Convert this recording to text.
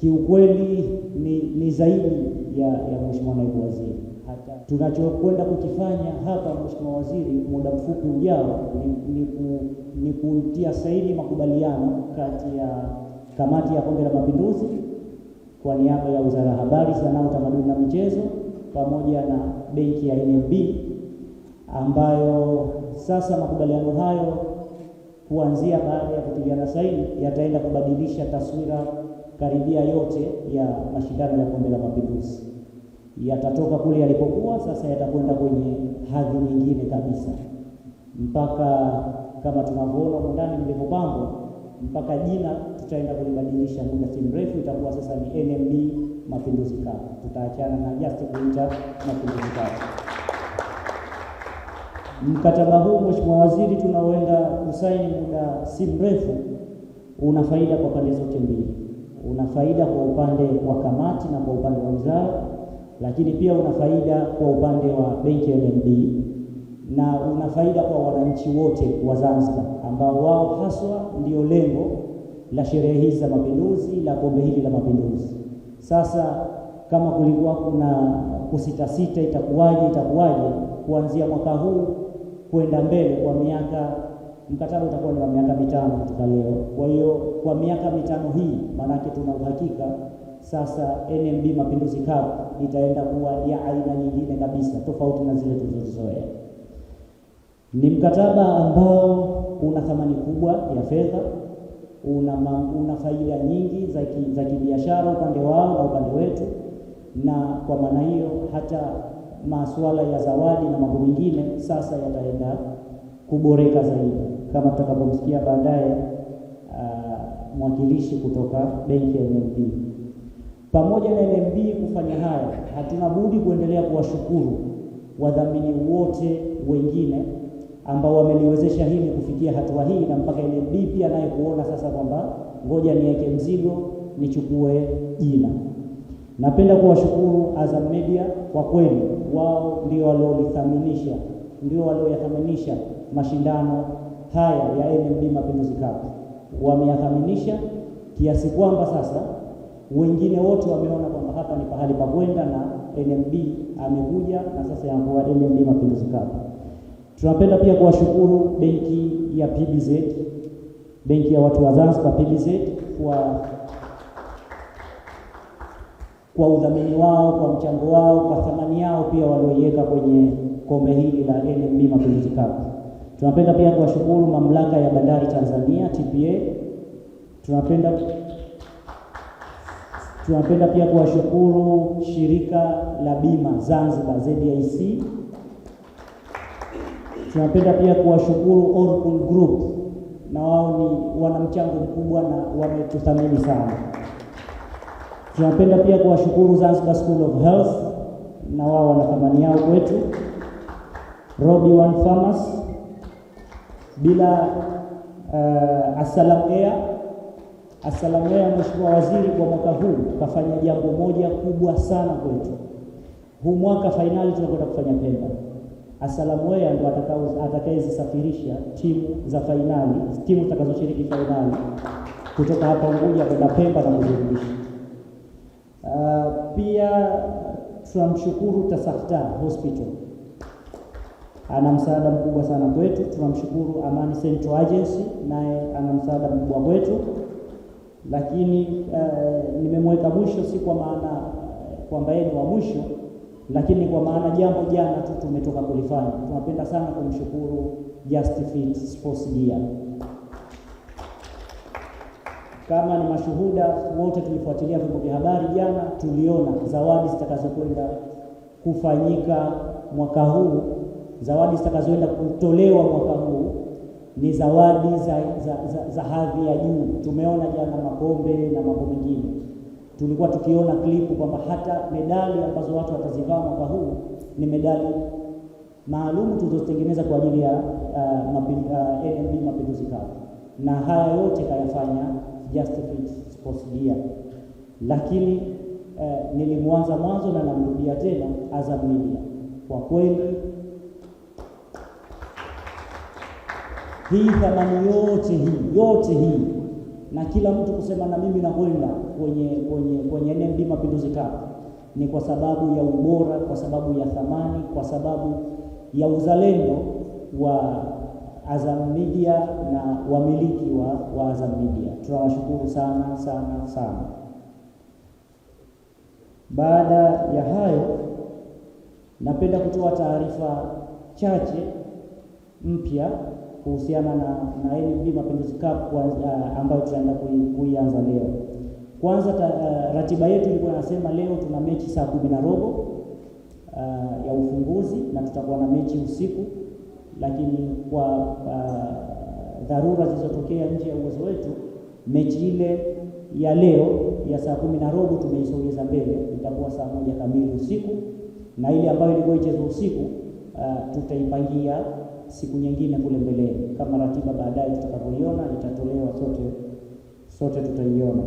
kiukweli ni, ni zaidi ya, ya mheshimiwa naibu waziri. Hata tunachokwenda kukifanya hapa, mheshimiwa waziri, muda mfupi ujao ni, ni kutia saini makubaliano kati ya kamati ya Kombe la Mapinduzi kwa niaba ya Wizara ya Habari, Sanaa, Utamaduni na Michezo pamoja na benki ya NMB ambayo sasa makubaliano hayo kuanzia baada ya kutigiana saini yataenda kubadilisha taswira karibia yote ya mashindano ya Kombe la Mapinduzi yatatoka kule yalipokuwa sasa, yatakwenda kwenye hadhi nyingine kabisa, mpaka kama tunavyoona ndani mlivyopangwa, mpaka jina tutaenda kulibadilisha muda si mrefu, itakuwa sasa ni NMB Mapinduzi Cup. Tutaachana na just kuita Mapinduzi Cup. Mkataba huu Mheshimiwa Waziri, tunaoenda kusaini muda si mrefu, una faida kwa pande zote mbili una faida kwa upande wa kamati na kwa upande wa wizara, lakini pia una faida kwa upande wa benki NMB na una faida kwa wananchi wote wa Zanzibar ambao wao haswa ndio lengo la sherehe hizi za mapinduzi la kombe hili la mapinduzi. Sasa kama kulikuwa kuna kusitasita, itakuwaje itakuwaje, kuanzia mwaka huu kwenda mbele kwa miaka mkataba utakuwa ni wa miaka mitano kutoka leo. Kwa hiyo kwa miaka mitano hii, maanake tuna uhakika sasa NMB Mapinduzi Cup itaenda kuwa ya aina nyingine kabisa tofauti na zile tulizozoea. Ni mkataba ambao una thamani kubwa ya fedha, una, una faida nyingi za kibiashara upande wao na upande wetu, na kwa maana hiyo hata masuala ya zawadi na mambo mengine sasa yataenda kuboreka zaidi kama tutakavyomsikia baadaye uh, mwakilishi kutoka benki ya NMB. Pamoja na NMB kufanya haya, hatuna budi kuendelea kuwashukuru wadhamini wote wengine ambao wameliwezesha hili kufikia hatua hii, na mpaka NMB pia naye kuona sasa kwamba ngoja niweke mzigo nichukue jina. Napenda kuwashukuru Azam Media kwa kweli, wao ndio waliolithaminisha, ndio walioyathaminisha mashindano haya ya MMD Mapinduzi Cup wameyathaminisha kiasi kwamba sasa wengine wote wameona kwamba hapa ni pahali pa kwenda, na NMB amekuja na sasa yakuwa NMB Mapinduzi Cup. Tunapenda pia kuwashukuru benki ya PBZ, benki ya watu wa Zanzibar PBZ, kwa kwa udhamini wao, kwa mchango wao, kwa thamani yao pia walioiweka kwenye kombe hili la NMB Mapinduzi Cup. Tunapenda pia kuwashukuru mamlaka ya bandari Tanzania TPA. Tunapenda tunapenda pia kuwashukuru shirika la bima Zanzibar ZIC. Tunapenda pia kuwashukuru Oracle Group, na wao ni wana mchango mkubwa na wametuthamini sana. Tunapenda pia kuwashukuru Zanzibar School of Health, na wao wana thamani yao kwetu. Robi One Farmers bila uh, Assalam Air. Mheshimiwa Waziri, kwa mwaka huu kafanya jambo moja kubwa sana kwetu. Huu mwaka fainali tunakwenda kufanya Pemba. asalamuea Air ndo atakayezisafirisha timu za fainali, timu zitakazoshiriki fainali kutoka hapa Unguja kwenda Pemba na kuzirudisha. Uh, pia tunamshukuru Tasafta Hospital ana msaada mkubwa sana kwetu. Tunamshukuru Amani Central Agency, naye ana msaada mkubwa kwetu, lakini uh, nimemweka mwisho si kwa maana eh, kwamba yeye ni wa mwisho, lakini kwa maana jambo jana tu tumetoka kulifanya. Tunapenda sana kumshukuru Just Fit Sports Gear. Kama ni mashuhuda wote, tulifuatilia vyombo vya habari jana, tuliona zawadi zitakazokwenda kufanyika mwaka huu zawadi zitakazoenda kutolewa mwaka huu ni zawadi za, za, za, za hadhi ya juu. Tumeona jana makombe na mambo mengine, tulikuwa tukiona klipu kwamba hata medali ambazo watu watazivaa mwaka huu ni medali maalum tulizotengeneza kwa ajili ya uh, mapi, uh, NMB Mapinduzi Cup, na haya yote kayafanya Just Fit Sports Gear, lakini uh, nilimwanza mwanzo na namrudia tena Azam Media kwa kweli hii thamani yote hii yote hii na kila mtu kusema na mimi nakwenda kwenye kwenye kwenye NMB Mapinduzi Cup ni kwa sababu ya ubora, kwa sababu ya thamani, kwa sababu ya uzalendo wa Azam Media na wamiliki wa, wa Azam Media. Tunawashukuru sana sana sana. Baada ya hayo, napenda kutoa taarifa chache mpya kuhusiana na, na NMB Mapinduzi Cup uh, ambayo tutaenda kuianza leo. Kwanza ta, uh, ratiba yetu ilikuwa nasema leo tuna mechi saa kumi na robo uh, ya ufunguzi na tutakuwa na mechi usiku, lakini kwa uh, dharura zilizotokea nje ya uwezo wetu, mechi ile ya leo ya saa kumi na robo tumeisogeza mbele, itakuwa saa moja kamili usiku, na ile ambayo ilikuwa ichezwa usiku uh, tutaipangia siku nyingine kule mbeleni, kama ratiba baadaye tutakapoiona itatolewa, sote sote tutaiona.